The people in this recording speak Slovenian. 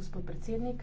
gospod predsednik.